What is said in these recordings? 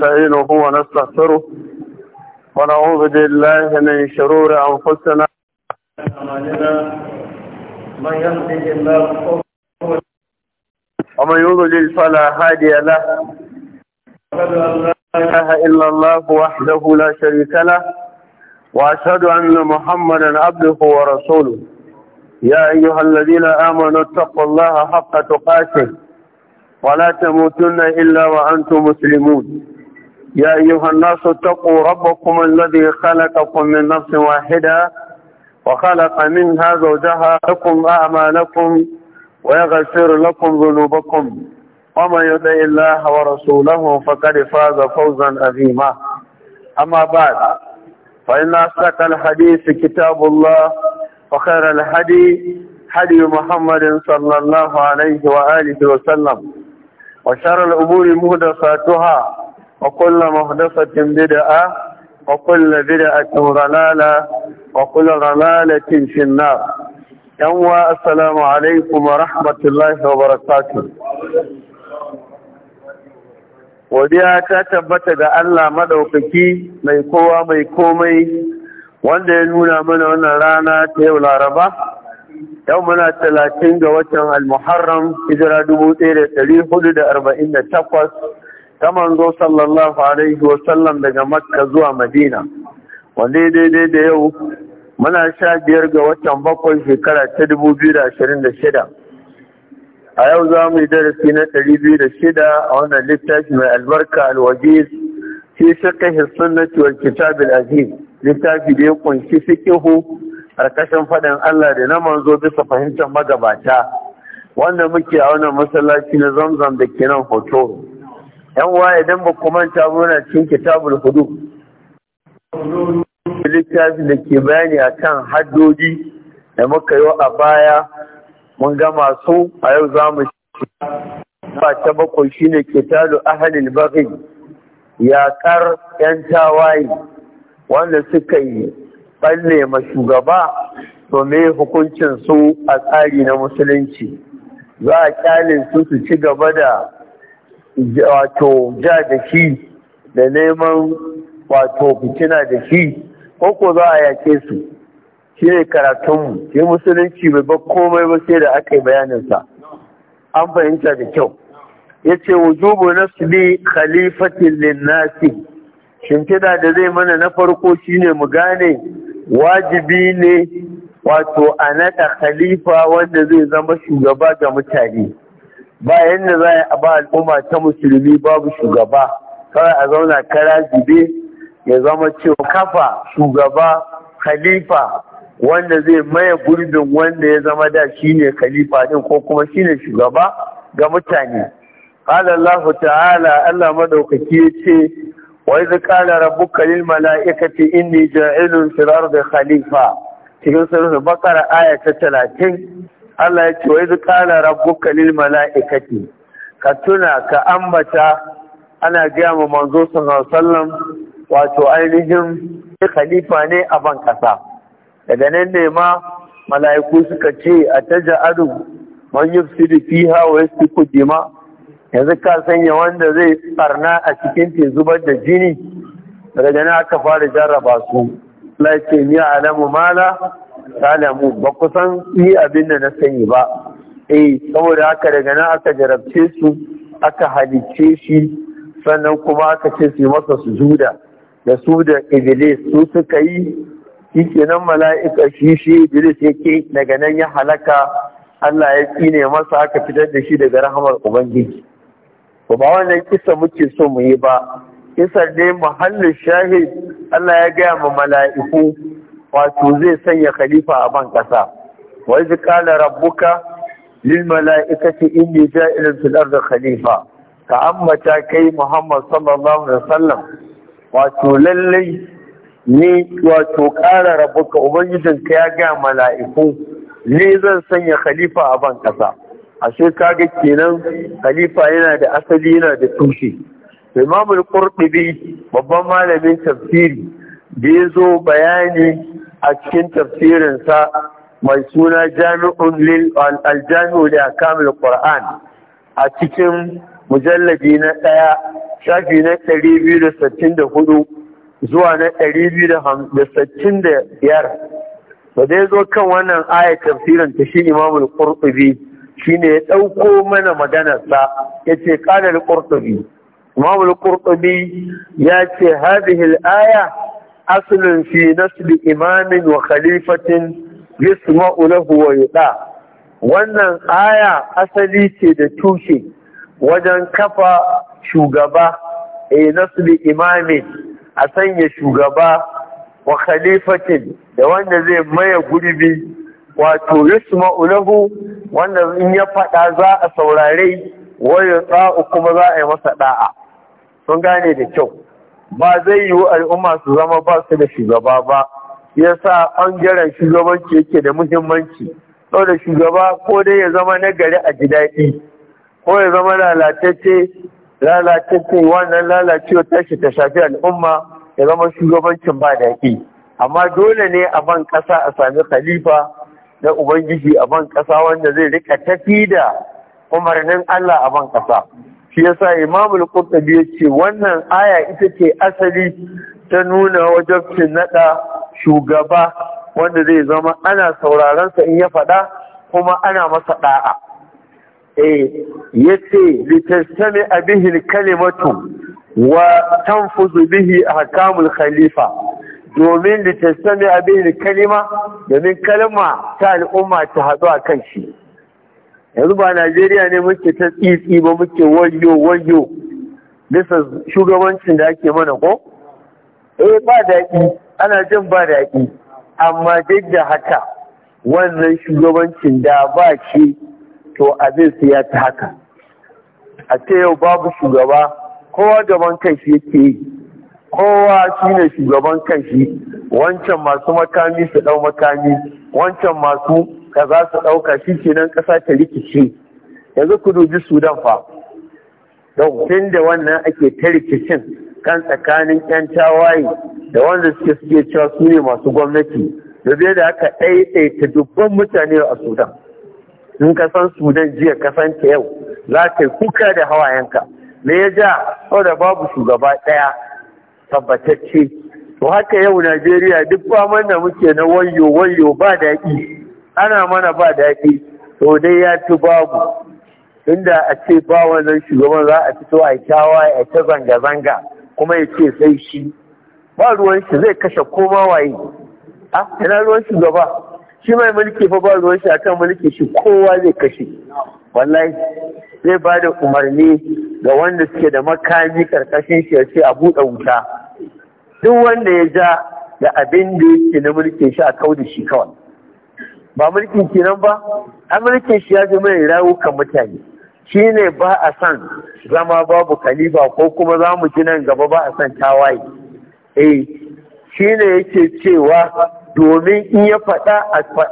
نستعينه ونستغفره ونعوذ بالله من شرور أنفسنا من يهده الله ومن يضلل فلا هادي له لا إله إلا الله وحده لا شريك له وأشهد أن محمدا عبده ورسوله يا أيها الذين آمنوا اتقوا الله حق تقاته ولا تموتن إلا وأنتم مسلمون يا أيها الناس اتقوا ربكم الذي خلقكم من نفس واحدة وخلق منها زوجها لكم أعمالكم ويغفر لكم ذنوبكم ومن يطع الله ورسوله فقد فاز فوزا عظيما أما بعد فإن أصدق الحديث كتاب الله وخير الهدي هدي محمد صلى الله عليه وآله وسلم وشر الأمور مهدساتها وكل محدثة بدعة وكل بدعة ضلالة وكل ضلالة في النار يوم السلام عليكم ورحمة الله وبركاته godiya ta tabbata ga Allah maɗaukaki mai kowa mai komai wanda ya nuna mana wannan rana ta yau laraba yau muna talatin ga watan al-muharram hijira dubu ta manzo sallallahu alaihi wasallam daga makka zuwa madina wanda daidai da yau muna sha biyar ga watan bakwai shekara ta dubu biyu da ashirin da shida a yau za mu yi darasi na ɗari biyu da shida a wannan littafi mai albarka alwajiz fi fiqh sunnati wal kitab al azim littafi da ya kunshi fiqhu ƙarƙashin faɗin Allah da na manzo bisa fahimtar magabata wanda muke a wannan masallaci na zamzam da ke nan hoto yan wa idan ba ku manta muna cikin kitabul hudu littafi da ke bayani a akan haddodi da muka yi a baya mun gama su a yau za mu ba ta bakwai ke talo ahalin baghi yaƙar yan tawaye wanda suka yi balle ma shugaba to hukuncin su a tsari na musulunci za a kyalin su su ci gaba da wato ja da shi da neman wato fitina da shi ko ko za a yake su shi ne karatunmu shi musulunci mai ba komai ba da aka yi bayaninsa an fahimta da kyau ya ce wujubu ne khalifatin linnasi shimfida da zai mana na farko shine mu gane wajibi ne wato a naɗa khalifa wanda zai zama shugaba ga mutane ba yadda za a ba al'umma ta musulmi babu shugaba kawai a zauna kara jibe ya zama cewa kafa shugaba khalifa wanda zai maye gurbin wanda ya zama da shine khalifa din ko kuma shine shugaba ga mutane قال الله تعالى الله مدوكي يتي وإذ قال ربك للملائكة إني جاعل في الأرض Khalifa. cikin sunan bakara aya ta talatin Allah ya ce wai iz qala rabbuka lil mala'ikati ka tuna ka ambata ana gaya ma manzo sallallahu sallam wato ainihin khalifa ne a ban kasa daga nan ne ma mala'iku suka ce a taja adu man yufsidu fiha wa yasfiku dima yanzu ka sanya wanda zai ɓarna a cikin te zubar da jini daga nan aka fara jarraba su Allah ya ce ni alamu mala mu ba kusan yi abin da na sanyi ba eh saboda haka daga nan aka jarabce su aka halicce shi sannan kuma aka ce su yi masa juda da su da iblis su suka yi shi kenan mala'ika shi shi iblis yake daga nan ya halaka Allah ya tsine masa aka fitar da shi daga rahamar ubangiji ba wannan kisa muke so mu yi ba kisar ne muhallin shahid Allah ya gaya ma mala'iku wato zai sanya khalifa a ban ƙasa wa iz qala rabbuka lil mala'ikati inni ja'ilun fil ardi khalifa ka ta kai Muhammad sallallahu alaihi wasallam wato lallai ni wato rabbuka ubangijin ka ya ga mala'iku ni zan sanya khalifa a ban ƙasa ashe kaga kenan khalifa yana da asali yana da tushe imamul qurtubi babban malamin tafsiri da ya zo bayani a cikin tafsirinsa mai suna jami'un lil aljami'u da kamil qur'an a cikin mujalladi na ɗaya shafi na ɗari biyu da sittin da hudu zuwa na ɗari biyu da sittin da biyar da dai zo kan wannan aya tafsirin ta shi imamul qurtubi shine ya ɗauko mana maganarsa ya ce ƙalar qurtubi imamul qurtubi ya ce hadhihi aya aslun fi nasli imamin wa khalifatin yasma'u lahu wa wannan aya asali ce da tushe wajen kafa shugaba e nasli imamin a sanya shugaba wa khalifatin da wanda zai maye gurbi wato yasma'u lahu wanda in ya faɗa za a saurare wa yuda kuma za a yi masa da'a sun gane da kyau ba zai yiwu al'umma su zama ba su da shugaba ba ya sa an gyara shugabanci yake da muhimmanci da shugaba ko dai ya zama na gari a ji daɗi ko ya zama lalatacce lalatacce wannan lalacewa tashi ta shafi al'umma ya zama shugabancin ba daɗi amma dole ne a ban ƙasa a sami khalifa na ubangiji a ban ƙasa wanda zai rika tafi da umarnin Allah a ban ƙasa shi imam imamul qurtubi ce wannan aya ita ce asali ta nuna wajabcin nada shugaba wanda zai zama ana sauraron sa in ya faɗa kuma ana masa da'a eh yace litastami bihi kalimatu wa tanfuzu bihi al khalifa domin litastami bihi al-kalima domin kalma ta al'umma ta haɗu a kan shi yanzu ba Najeriya ne muke ta tsitsi ba muke wayo wayo bisa shugabancin da ake mana ko eh ba daɗi ana jin ba daɗi amma duk da haka wannan shugabancin da ba shi to abin su ya ta haka a ce yau babu shugaba kowa gaban kanshi yake yi kowa shi ne shugaban kanshi wancan masu makami su ɗau makami wancan masu Ka za su ɗauka shi kenan ƙasa ta rikice yanzu ku dubi sudan fa don da wannan ake ta rikicin kan tsakanin yan tawaye da wanda suke suke cewa su ne masu gwamnati da zai da aka ɗaiɗaita dubban mutane a sudan in ka san sudan jiya ka ta yau za ka yi kuka da hawayenka me ya ja saboda babu shugaba ɗaya tabbatacce to haka yau najeriya duk ba da muke na wayo wayo ba daɗi ana mana ba daɗi to dai ya ci babu inda a ce ba wannan shugaban za a fito a kyawa a ta zanga-zanga kuma ya ce sai shi ba ruwan shi zai kashe koma waye a ina ruwan shugaba shi mai mulki fa ba ruwan shi akan mulki shi kowa zai kashe wallahi zai ba da umarni ga wanda suke da makami karkashin shi ya ce a buɗe wuta duk wanda ya ja da abin da yake na mulkin shi a kau shi kawai ba mulkin kenan ba amurkin shi ya zama ya rawukan mutane shi ne ba a san zama babu kalifa ko kuma za mu ji nan gaba ba a san tawaye eh shi ne yake cewa domin in ya faɗa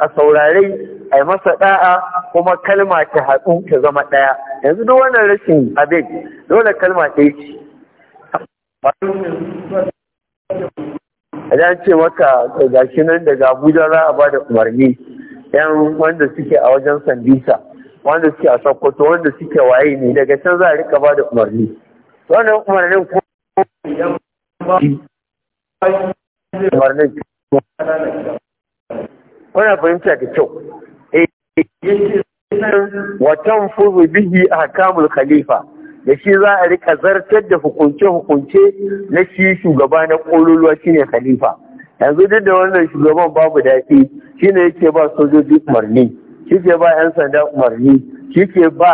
a saurare a masa ɗa'a kuma kalma ta haɗu ta zama ɗaya yanzu duk wannan rashin abin dole kalma ta ce a ce maka gashi nan daga abuja za a ba da umarni yan wanda suke a wajen sandisa wanda suke a sokoto wanda suke waye ne daga can za a rika ba da umarni wannan umarnin ko idan ba umarnin wannan fahimta da kyau eh, watan fuzu bihi a hakamul khalifa da shi za a rika zartar da hukunce-hukunce na shi shugaba na ƙololuwa shine khalifa yanzu duk da wannan shugaban babu daɗi shi ne yake ba sojoji umarni shi ke ba 'yan sanda umarni shi ke ba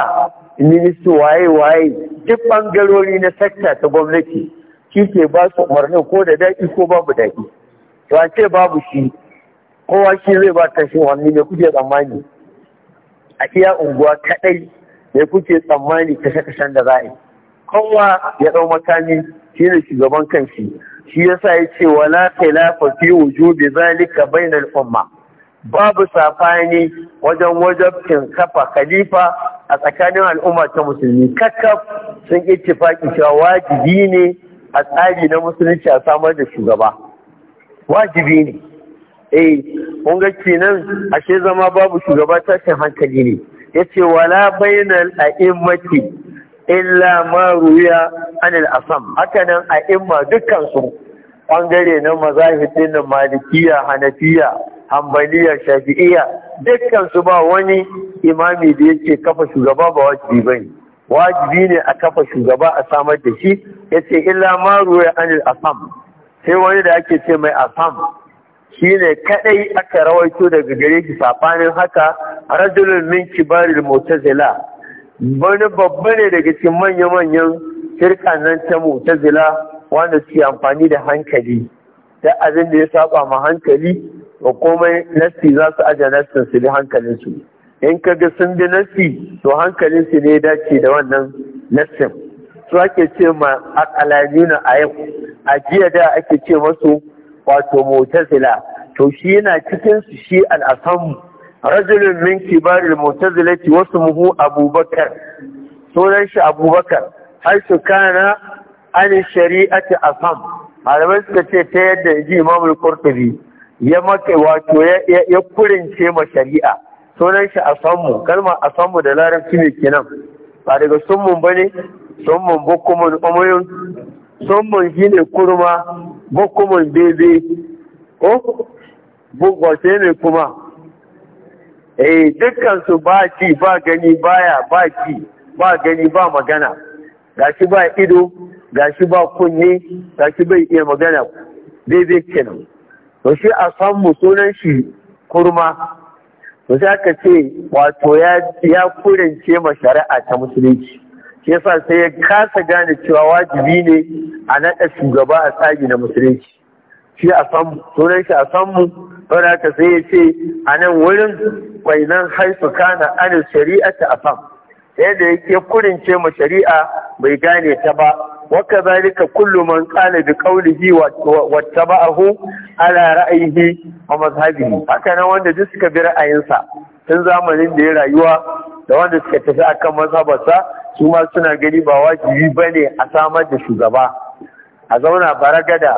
ministo waye-waye duk bangarori na sakta ta gwamnati shi ke ba su umarnin ko da daɗi ko babu daɗi to a ce babu shi kowa shi zai ba ta shi wani ne kuke tsammani a iya unguwa kaɗai ne kuke tsammani kashe-kashen da zai kowa ya ɗau makami shi ne shugaban kan shi yasa ce wala khilafa fi wujubi zalika bainal umma babu safani wajen wajabcin kafa khalifa a tsakanin al'umma ta musulmi kakkaf sun ittifaki cewa wajibi ne a tsari na musulunci a samar da shugaba wajibi ne eh kun ga kenan ashe zama babu shugaba tashin hankali ne yace wala bainal a'immati illa ma ruya anil asam hakanan a imma dukkan su bangare na mazahib na malikiya hanafiya hambaliya shafi'iya dukkan ba wani imami da yake kafa shugaba ba wajibi bane wajibi ne a kafa shugaba a samar da shi yace illa ma ruya anil asam sai wani da ake ce mai asam shine kadai aka rawaito daga gare shi safanin haka rajulun min kibaril mu'tazila wani babba ne daga cikin manya-manyan shirka nan ta mutazila wanda suke amfani da hankali da abin da ya saba ma hankali wa komai nasti za su aja nastin su bi hankalin su in ka ga sun bi nasti to hankalin su ne dace da wannan nastin su ake ce ma akalamina a yau a jiya da ake ce masu wato mutazila to shi yana cikinsu shi al'asamu rajulun min kibaril mu'tazilati wasu muhu abubakar sunan shi abubakar har ani shari'a ta shari'ati afam malamai suka ce ta yadda ji imamul qurtubi ya maka wato ya kurince ma shari'a sunan shi asammu kalmar asammu da larabci ne kenan ba daga summun bane summun bukumun umuyun summun shine kurma bukumun bebe ko bugwace ne kuma eh dukkan su ba ci ba gani baya ba ci ba gani ba magana gashi ba ido gashi ba kunne gashi bai iya magana dai kenan to shi a mu sunan shi kurma to sai aka ce wato ya ya kurance ma shari'a ta musulunci shi yasa sai ya kasa gane cewa wajibi ne a naɗa shugaba a tsagi na musulunci shi a samu sunan shi a samu don haka sai ya ce a nan wurin kwainan haifu kana an shari'ata a sam yadda yake kurince ma shari'a bai gane ta ba waka zalika kullu man qala bi qawlihi wa taba'ahu ala ra'ayihi wa mazhabihi haka nan wanda duk suka bi ra'ayinsa tun zamanin da ya rayuwa da wanda suka tafi akan mazhabarsa su ma suna gani ba wajibi bane a samar da shugaba a zauna baragada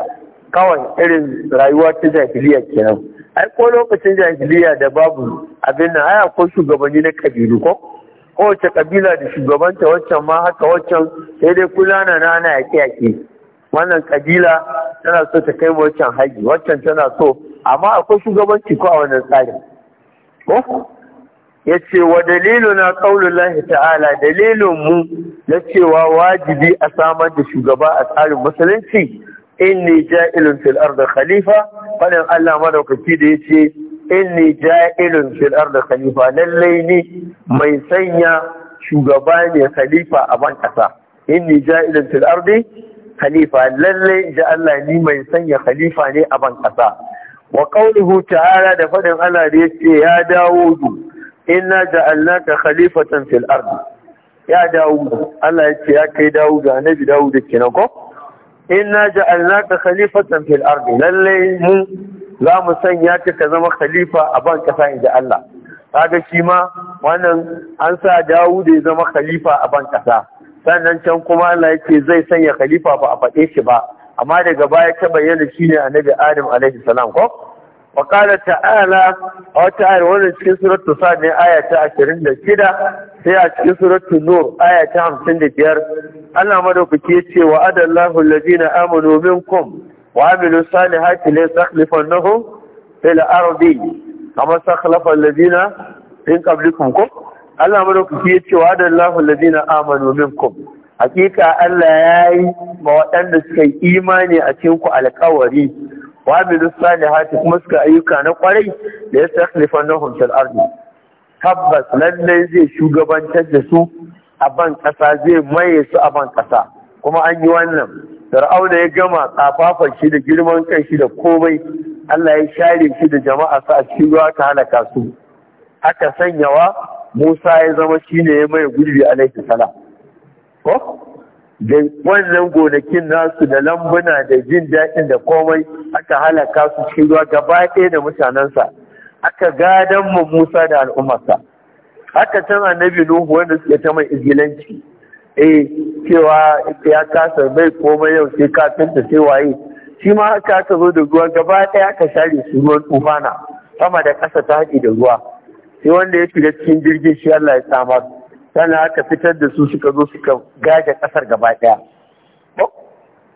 kawai irin rayuwa ta jahiliya kenan ai ko lokacin jahiliya da babu abin nan ai akwai shugabanni na kabilu ko kowace kabila da shugabanta waccan ma haka waccan sai dai kula na nana yaƙe yaƙe wannan kabila tana so ta kai waccan haji waccan tana so amma akwai shugabanci ko a wannan tsarin ko ya ce wa dalilu na ƙaunullahi ta'ala dalilin mu na cewa wajibi a samar da shugaba a tsarin musulunci inni ja'ilun fil ardi khalifa fadin Allah madaukaki da yace inni ja'ilun fil ardi khalifa lallai ni mai sanya shugaba ne khalifa a ban kasa inni ja'ilun fil ardi khalifa lallai ja Allah ni mai sanya khalifa ne a ban kasa wa qawluhu ta'ala da fadin Allah da yace ya Dawudu inna ja'alnaka khalifatan fil ardi ya Dawudu Allah yace ya kai dawo Dawudu annabi da kenan ko inna ja'alnaka khalifatan fil ardi lalle mu za mu sanya ka ka zama khalifa a ban kasa inda Allah kaga shi ma wannan an sa Dawud ya zama khalifa a ban kasa sannan can kuma Allah yake zai sanya khalifa ba a faɗe shi ba amma daga baya ta bayyana shine annabi Adam alaihi salam ko wa qala ta'ala wa ta'ala wannan cikin suratul sad ne aya ta 26 sai a cikin suratul nur aya ta 55 Allah madaukaki yace wa adallahu allazina amanu minkum wa amilu salihati la yastakhlifannahum fil ardi kama sakhlafa allazina min qablikum kum Allah madaukaki yace wa adallahu allazina amanu minkum hakika Allah yayi ma waɗanda suka yi imani a cikin alƙawari wa amilu salihati kuma suka ayyuka na kwarai da ya sakhlifan na fil ardi tabbas lallai zai shugabantar da su a ban kasa zai maye su a ban kasa kuma an yi wannan Fir'auna ya gama kafafan shi da girman kai shi da komai Allah ya share shi da jama'a sa a cikin ruwa ta halaka su aka sanyawa Musa ya zama shine ya maye gurbi alaihi salam ko da wannan gonakin nasu da lambuna da jin daɗin da komai aka halaka su cikin ruwa gaba ɗaya da mutanensa aka gadon mu Musa da al'ummarsa haka can annabi Nuhu wanda suke ta mai izilanci eh cewa ya kasa bai komai yau sai ka sai waye shi ma aka aka zo da ruwa gaba ɗaya aka share su ruwan tufana sama da ƙasa ta haɗi da ruwa sai wanda ya shiga cikin jirgin shi Allah ya samar sannan aka fitar da su suka zo suka gaje ƙasar gaba ɗaya oh,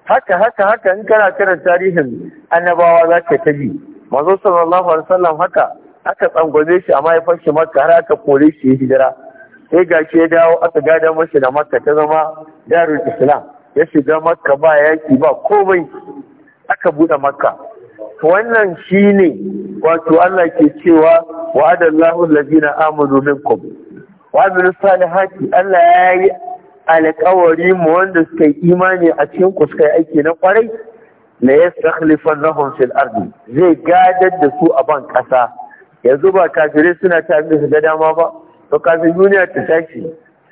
haka haka haka in kana karin tarihin annabawa za ka ta bi manzo sallallahu alaihi wasallam haka aka tsangwame shi a mahaifar shi makka har aka kore shi ya hijira sai ga shi ya dawo aka gada mashi da makka ta zama darul islam ya shiga makka ba yaki ba komai aka bude makka wannan shine wato Allah ke cewa wa'adallahu allazina amanu minkum wa bil salihati Allah ya yi alƙawari mu wanda suka yi imani a cikin ku suka yi aiki na kwarai la yastakhlifannahum fil ardi zai gadar da su a ban ƙasa yanzu ba kafirai suna ta da su dama ba to kafin duniya ta tashi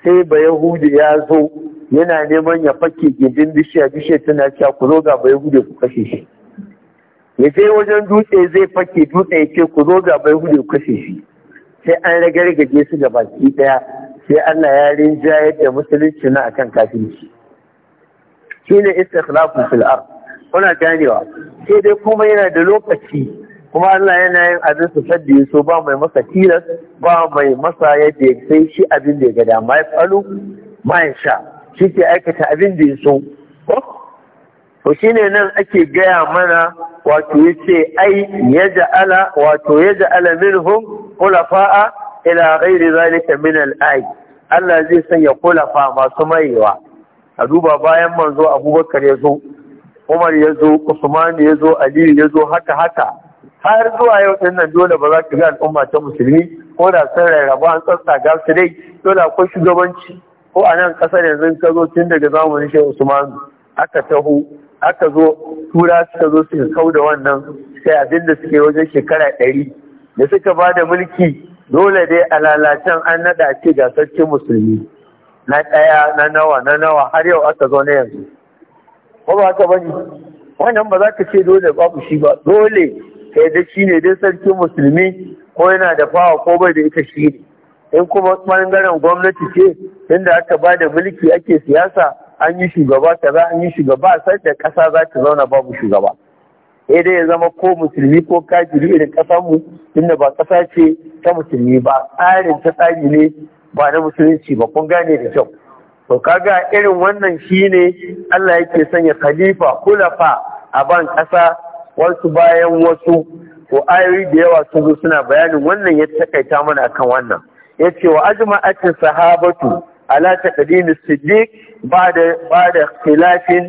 sai ba yahudi ya zo yana neman ya fake gindin bishiya bishiya tana cewa ku zo ga ba yahudi ku kashe shi ya je wajen dutse zai fake dutse ya ce ku zo ga ba yahudi ku kashe shi sai an rage su ga baki daya sai Allah ya rinjayar da musulunci na akan kafirci shine istikhlafu fil ard kuna ganewa sai dai kuma yana da lokaci kuma Allah yana yin abin su sadda so ba mai masa tilas ba mai masa yadda sai shi abin da ya ga dama ya falu ma sha shi ke aikata abin da yaso to shi ne nan ake gaya mana wato ya ce ai ja'ala, wato yaj'ala minhum fa'a? ila ghairi zalika min al Allah zai sanya khulafa masu mayewa a duba bayan manzo Abubakar ya zo Umar ya zo Usman ya zo Ali ya zo haka haka har zuwa yau din nan dole ba za ka ga al'umma ta musulmi ko da sun rarraba an tsatsa ga su dai dole akwai shugabanci ko a nan ƙasar yanzu ka zo tun daga zamanin Shehu Usman aka taho aka zo tura suka zo suka kau da wannan sai abinda suke wajen shekara ɗari da suka ba da mulki dole dai a lalacen an naɗa ce ga sarkin musulmi na ɗaya na nawa na nawa har yau aka zo na yanzu ko ba haka bane wannan ba za ka ce dole babu shi ba dole kai da shi ne dai sarkin musulmi ko yana da fawa ko bai da ita shi ne in kuma ɓangaren gwamnati ce inda aka ba da mulki ake siyasa an yi shugaba kaza an yi shugaba sai da ƙasa za ta zauna babu shugaba eh dai ya zama ko musulmi ko kafiri irin ƙasar mu inda ba ƙasa ce ta musulmi ba tsarin ta tsari ne ba na musulunci ba kun gane da kyau to kaga irin wannan shine Allah yake sanya khalifa kulafa a ban ƙasa wasu bayan wasu to ayoyi da yawa sun zo suna bayanin wannan ya takaita mana akan wannan yace wa ajma'atin sahabatu ala taqdim as-siddiq ba'da ba'da khilafin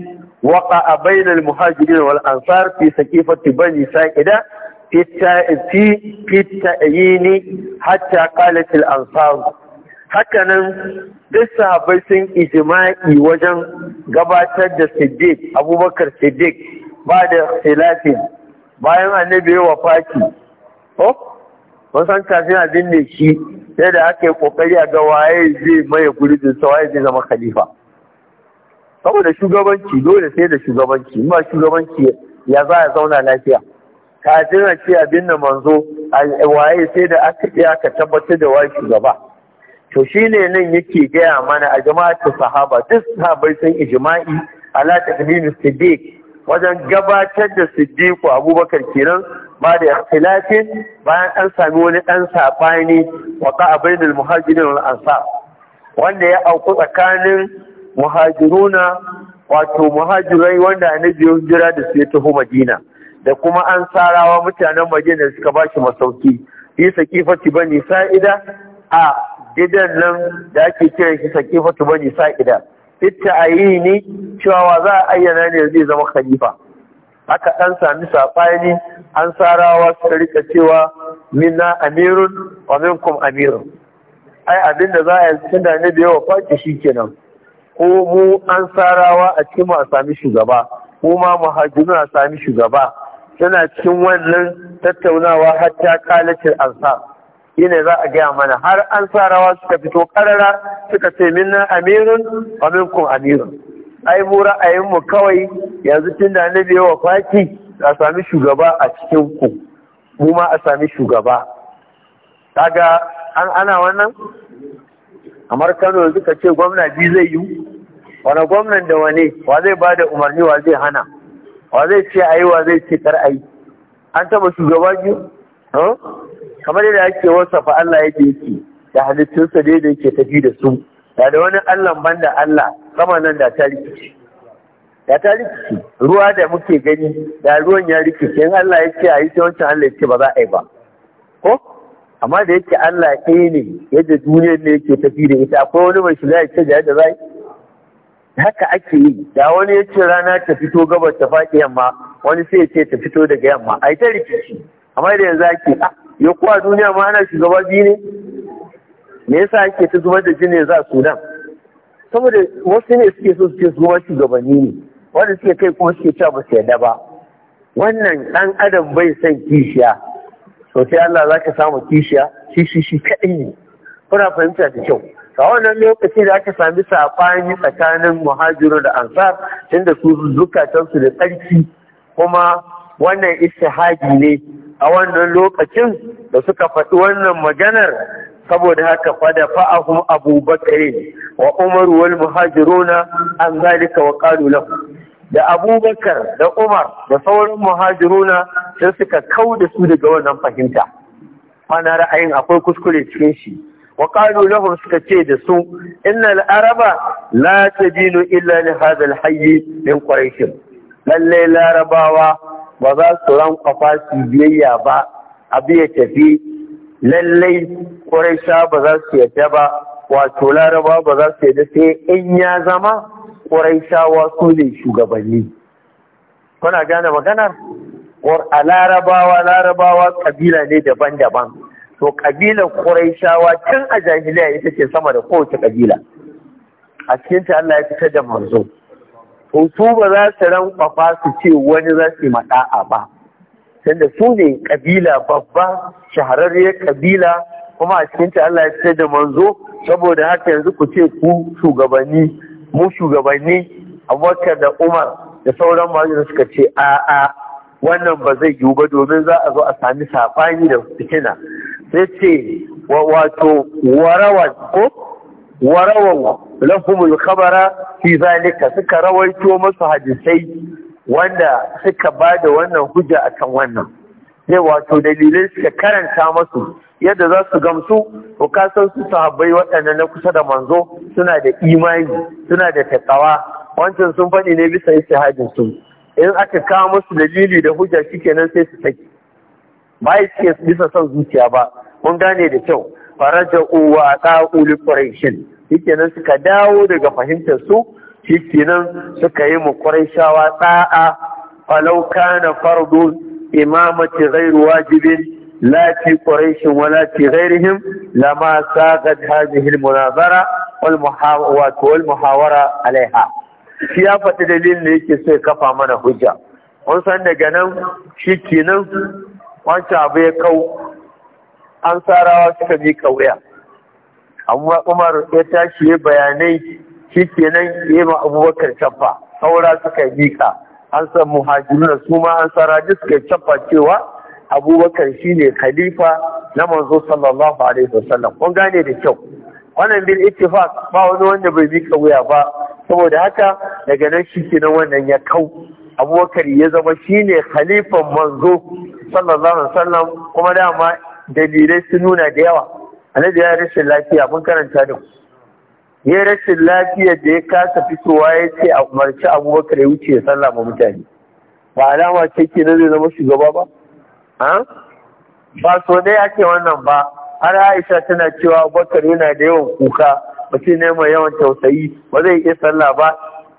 waqa'a bayna al-muhajirin wal ansar fi saqifati bani fita itta fi itta ni, hatta qalat al-ansar hakanan duk sahabbai sun ijma'i wajen gabatar da siddiq abubakar siddiq ba da khilafin bayan annabi wafati oh san kafin a binne shi sai da aka yi kokari a ga waye zai maye gurbin sa waye zai zama khalifa saboda shugabanci dole sai da shugabanci ma shugabanci ya za a zauna lafiya kafin a ce abin da manzo waye sai da aka iya aka tabbatar da waye shugaba to shine nan yake gaya mana a jama'atu sahaba duk sahabai sun ijma'i ala taqdim siddiq wajen gabatar da siddiqu abubakar kenan ba da ikhtilafin bayan an sami wani ɗan safani wa ka abainul muhajirin wal ansar wanda ya auku tsakanin muhajiruna wato muhajirai wanda annabi ya jira da su ya taho madina da kuma an sarawa mutanen madina suka ba shi masauki fi sakifati bani sa'ida a gidan nan da ake kiran shi sakifatu bani sa'ida fitta ayini cewa za a ayyana ne zai zama khalifa aka ɗan sami saɓani an sarawa suka rika cewa minna amirun wa minkum amirun ai abin da za a yi cikin da ne da yawa kwace shi kenan ko mu an sarawa a cikin a sami shugaba ko ma muhajiru a sami shugaba suna cikin wannan tattaunawa har ta kalacin ansa shine za a gaya mana har an sarawa suka fito karara suka ce minna amirun wa minkum amirun ai mu mu kawai yanzu tun da annabi yawa faki a sami shugaba a cikin ku mu ma a sami shugaba kaga an ana wannan kamar Kano yanzu ka ce gwamna bi zai yi wani gwamnan da wane wa zai ba da umarni wa zai hana wa zai ce ayi wa zai ce kar ayi an taba shugaba biyu kamar yadda ake fa Allah yadda yake da halittunsa da yake tafi da su da da wani Allah banda Allah sama nan da ta rikice da ta rikice ruwa da muke gani da ruwan ya rikice in Allah ya ce a yi ta wancan Allah ya ce ba za a yi ba ko amma da yake Allah ɗaya ne yadda duniyar ne yake tafi da ita akwai wani mai shiga ya ce da yadda za yi haka ake yi da wani ya ce rana ta fito gabar ta faɗi yamma wani sai ya ce ta fito daga yamma a yi ta rikici amma da yanzu ake a ah, ya kuwa duniya ma ana shugaba biyu ne me yasa ake ta zubar da jini za su nan? saboda wasu ne suke so suke zuwa shugabanni ne wanda suke kai kuma suke cewa ba su yarda ba wannan ɗan adam bai son kishiya to sai Allah za ka samu kishiya shi shi kaɗai ne kuna fahimta da kyau a wannan lokaci da aka sami saɓani tsakanin muhajiru da ansar tunda su su da tsarki kuma wannan istihadi ne a wannan lokacin da suka faɗi wannan maganar saboda haka fada fa'ahu abubakar wa umar wal muhajiruna an zalika wa qalu lahu da abubakar da umar da sauran muhajiruna sai suka kau da su daga wannan fahimta ana ra'ayin akwai kuskure cikin shi wa qalu lahum suka ce da su innal araba la tadinu illa li hadha al hayy min quraish lalle larabawa ba za su ran su biyayya ba abu ya tafi lallai ƙuraisha ba za su yadda ba wato laraba ba za su yadda sai in ya zama ƙuraishawa su ne shugabanni kuna gane maganar a larabawa larabawa kabila ne daban-daban to kabilar ƙuraishawa tun a jahiliya ita ce sama da kowace kabila a cikin ta Allah ya fitar da manzo to su ba za su rankwafa su ce wani za su yi mada'a ba tunda su ne kabila babba shahararriyar kabila kuma a cikin ta Allah ya ce da manzo saboda haka yanzu ku ce ku shugabanni mu shugabanni Abubakar da Umar da sauran malamai suka ce a a wannan ba zai yiwu ba domin za a zo a sami sabani da fitina sai ce wa wato warawan ko warawan lafumul khabara fi zalika suka rawaito masu hadisai wanda suka ba da wannan hujja akan wannan sai wato dalilai suka karanta masu yadda za su gamsu to kasan su sahabbai waɗanda na kusa da manzo suna da imani suna da takawa wancan sun faɗi ne bisa istihadin su in aka kawo musu dalili da hujja shikenan sai su saki ba ya bisa son zuciya ba mun gane da kyau faraja uwa ta uli quraishin shikenan suka dawo daga fahimtar su shi suka yi mu shawa ɗa'a falau kana fardun imamati ghairu wajibin لا في قريش ولا في غيرهم wato ساقت هذه المناظرة والمحاورة Shi ya ta dalilin da yake sai kafa mana hujja mun san daga nan shi kenan wancan abu ya kau an sarawa suka bi kauya amma umar ya tashi bayanai shi kenan ya ma abubakar cafa saura suka miƙa an san muhajirin su ma an saraji suka cafa cewa abubakar shi ne khalifa na manzo sallallahu alaihi wasallam kun gane da kyau wannan bil ittifaq ba wani wanda bai miƙa wuya ba saboda haka daga nan shi kenan wannan ya kau abubakar ya zama shi ne khalifan manzo sallallahu alaihi wasallam kuma dama dalilai sun nuna da yawa annabi ya rashin lafiya mun karanta da ku ya rashin lafiyar da ya kasa fitowa ya ce a umarci abubakar ya wuce ya sallama mutane ba alama ce ke na zai zama shugaba ba ba so ya ake wannan ba har aisha tana cewa abubakar yana da yawan kuka mutum ne mai yawan tausayi ba zai iya sallah ba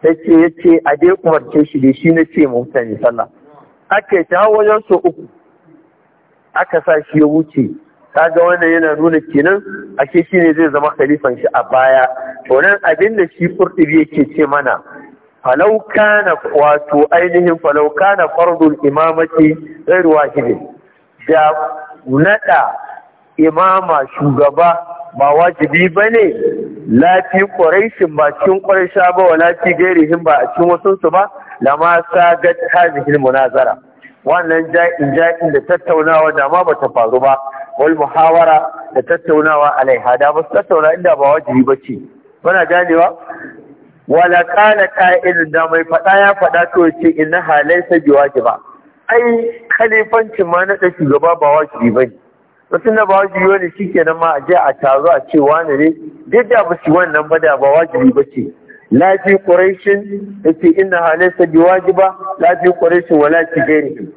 ta ce ya ce a dai umarce shi da shi na ce ma mutane sallah aka yi wajen so uku aka sa shi ya wuce ga wannan yana nuna kenan ake shi ne zai zama khalifan shi a baya to nan abin da shi furdibi yake ce mana Falauka kana wato ainihin falau kana fardul imamati ghairu wahid da nada imama shugaba ba wajibi ba ne? lafi ƙwarashin ba cikin quraisha ba wa lafi gairihin ba a cikin wasu su ba lama sagat munazara wannan ja'in ja'in da tattaunawa da ma ta faru ba wal muhawara da tattaunawa alaiha da ba tattauna inda ba wajibi ba ce muna ganewa wala kana qa'il da mai fada ya fada to ce inna halaysa biwajiba ai khalifanci ma na da shugaba ba wajibi ba ne Wasu na ba wajibi wani shikenan ma a je a taro a ce wani ne duk da ba su wannan ba da ba wajibi ba ce la fi quraishin yace inna halaysa biwajiba la fi quraishin wala fi ghairihi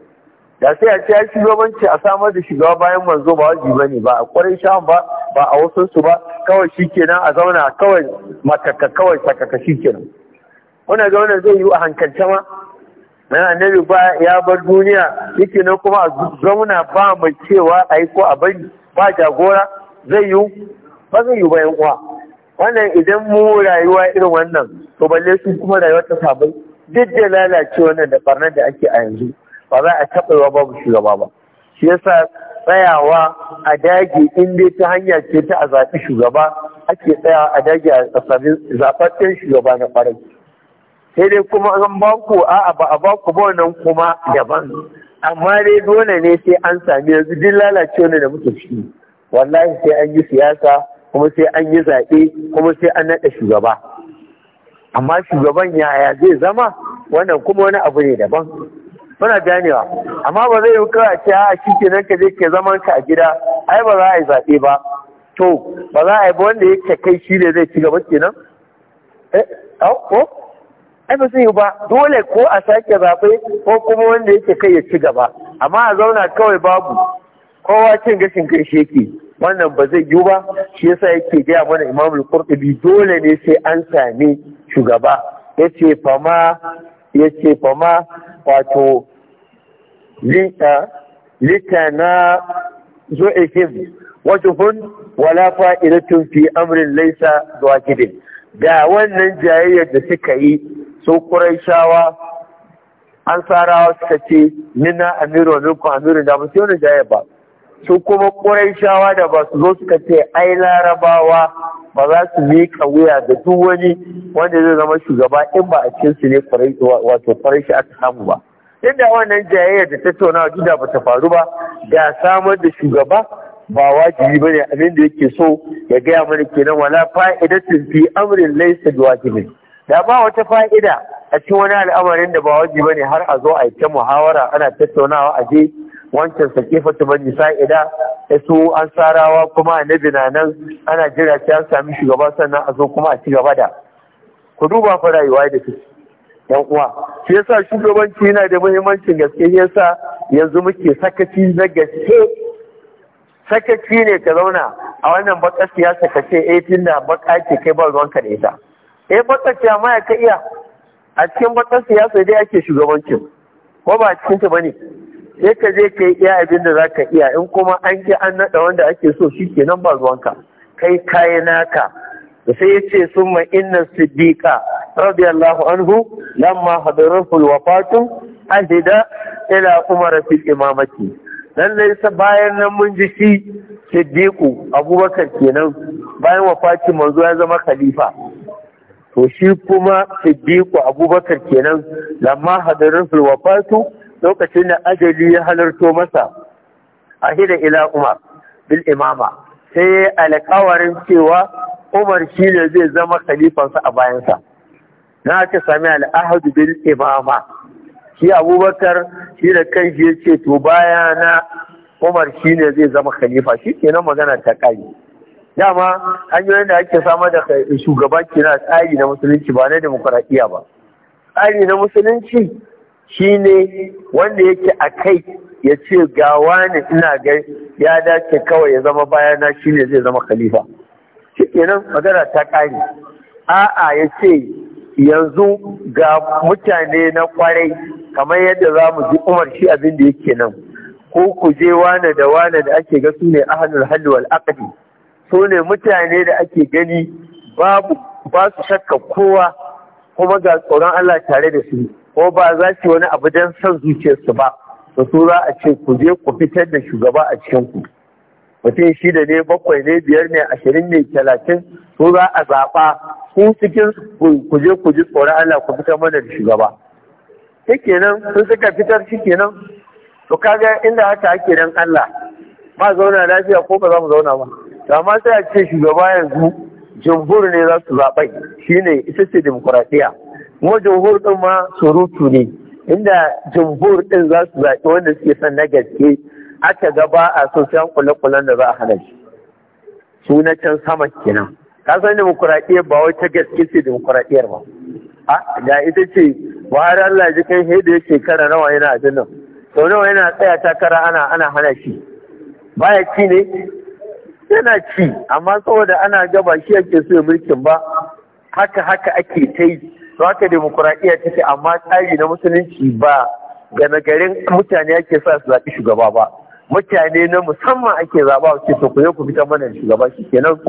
da sai a ce ya shugabanci a samar da shigawa bayan manzo ba wajibi bane ba a kwarai shahun ba ba a wasu su ba kawai shikenan a zauna kawai makaka kawai sakaka shikenan wannan ga zai yi a hankalce ma nan annabi ba ya bar duniya yake kuma a zauna ba mai cewa a ko a bari ba jagora zai yi ba zai yi ba yan uwa wannan idan mu rayuwa irin wannan to balle su kuma rayuwar ta sabai duk da lalace wannan da barnar da ake a yanzu ba za a taɓa wa babu shugaba ba shi yasa tsayawa a dage in dai ta hanya ce ta a zaɓi shugaba ake tsayawa a dage a sami zaɓaɓɓen shugaba na ƙwarai sai dai kuma an ba ku a'a ba a ba ku ba wannan kuma daban amma dai dole ne sai an sami yanzu duk lalace ne da muke ciki wallahi sai an yi siyasa kuma sai an yi zaɓe kuma sai an naɗa shugaba amma shugaban yaya zai zama wannan kuma wani abu ne daban muna ganewa amma ba zai yi a ce a shi kenan ka je ke zaman ka a gida ai ba za a yi zaɓe ba to ba za a yi ba wanda ya kai shi ne zai ci gaba kenan eh ko ai ba zai yi ba dole ko a sake zaɓe ko kuma wanda yake kai ya ci gaba amma a zauna kawai babu kowa cin gashin kai shi yake wannan ba zai yiwu ba shi yasa yake gaya mana imamu al-qurtubi dole ne sai an sami shugaba yace fama yace fama wato litana zo'ihim wajuhun wala fa'idatun fi amrin laisa zuwakidin da wannan jayayyar da suka yi su kuraishawa an sarawa suka ce nina amiru wa minkum amiru da musu wani jayayyar ba su kuma kuraishawa da ba su zo suka ce ai larabawa ba za su miƙa wuya da duk wani wanda zai zama shugaba in ba a cikin su ne wato kwarai shi aka samu ba inda wannan jayayyar da tattaunawa duk da ta faru ba da samar da shugaba ba wajibi ba ne abin da yake so ya gaya mana kenan wala tun fi amrin laysa biwajibin da ba wata fa'ida a cikin wani al'amarin da ba wajibi ba ne har a zo a yi ta muhawara ana tattaunawa a je wancan sakefatu bani sa'ida su an sarawa kuma annabi na nan ana jira sai an sami shugaba sannan a zo kuma a ci gaba da ku duba fa rayuwa da su yan uwa shi yasa shugabanci yana da muhimmancin gaske shi yasa yanzu muke sakaci na gaske sakaci ne ka zauna a wannan bakar siyasa ka ce eh tunda baka ce kai ba ka da ita eh bakar ce amma ya ka iya a cikin bakar siyasa dai ake shugabancin ko ba a cikin ta bane sai ka je ka yi iya abin da za ka iya in kuma an ki an naɗa wanda ake so shi kenan ba zuwanka. kai kayi naka da sai ya ce sun ma inna siddiqa radiyallahu anhu lamma hadarahu wafatun ahida ila umar fil imamati lallai sa bayan nan mun ji shi siddiqu abubakar kenan bayan wafati manzo ya zama khalifa to shi kuma siddiqu abubakar kenan lamma hadarahu Fatun? lokacin da ajali ya halarto masa a hida ila umar bil imama sai alkawarin cewa umar shi ne zai zama khalifansa a bayansa na ka sami al'ahadu bil imama shi abubakar shi da kan shi ya ce to bayana umar shi ne zai zama khalifa shi kenan magana ta kai dama hanyoyin da ake samar da shugaba na tsari na musulunci ba na demokuraɗiyya ba tsari na musulunci Shi ne, wanda yake a kai ya ce gawa ne ina gai ya dace kawai ya zama bayana shi ne zai zama khalifa shi kenan magana ta ƙare a'a ya ce yanzu ga mutane na kwarai kamar yadda za mu ji umar shi abin da yake nan ko ku je wane da wane da ake ga su ne ahlul halli wal su ne mutane da ake gani babu ba su shakka kowa kuma ga tsoron Allah tare da su ko ba za su wani abu don son zuciyarsu ba da su za a ce ku je ku fitar da shugaba a cikin ku mutum shida ne bakwai ne biyar ne ashirin ne talatin su za a zaɓa ku cikin ku je ku ji tsoron Allah ku fitar mana da shugaba shi kenan sun suka fitar shi kenan to kaga inda haka ake dan Allah ba zauna lafiya ko ba za mu zauna ba amma sai a ce shugaba yanzu jumhur ne za su zaɓai shine ita ce demokuraɗiyya Kuma ɗin din ma surutu ne inda jumhur din za su zaɓi wanda suke son na gaske aka gaba a so kule-kulen da za a hana shi su na can sama kenan ka san demokuraɗiyyar ba wata ta gaske ce demokuraɗiyyar ba a ga ita ce buhari allah ji kai da shekara nawa yana ajin nan sau nawa yana tsaya takara ana ana hana shi baya ci ne yana ci amma saboda ana gaba shi ake so mulkin ba haka haka ake ta yi to haka demokuraɗiyya take amma tsari na musulunci ba ga nagarin mutane ake sa su zaɓi shugaba ba mutane na musamman ake zaɓa wace to ku ku fitar mana da shugaba shi kenan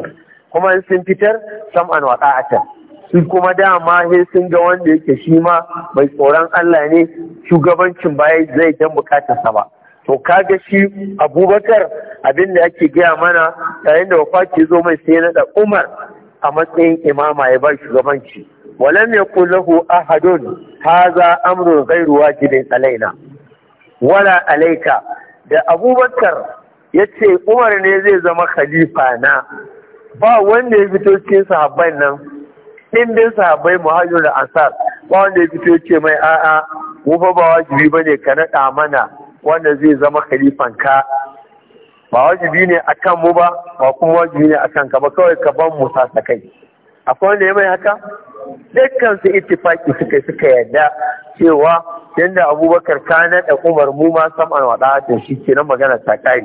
kuma in sun fitar sam an waɗa a can su kuma dama he sun ga wanda yake shi ma mai tsoron Allah ne shugabancin baya zai dan bukatar sa ba to kaga shi abubakar abin da ake gaya mana yayin da ke zo mai sai na da umar a matsayin imama ya ba shugabanci ولم يقل له أحد هذا أمر غير واجب علينا ولا عليك da abubakar ya ce umar ne zai zama khalifa na ba wanda ya fito ce sahabbai nan ɗimbin sahabbai muhajir da ansar ba wanda ya fito ce mai a'a mu fa ba wajibi ba ne ka naɗa mana wanda zai zama khalifan ka ba wajibi ne akan mu ba ba kuma wajibi ne akan ka ba kawai ka ban mu sasakai akwai wanda ya mai haka dukkan su ittifaki suka suka yadda cewa yadda abubakar ka naɗa umar mu ma sam'an wada ke shi kenan magana ta kai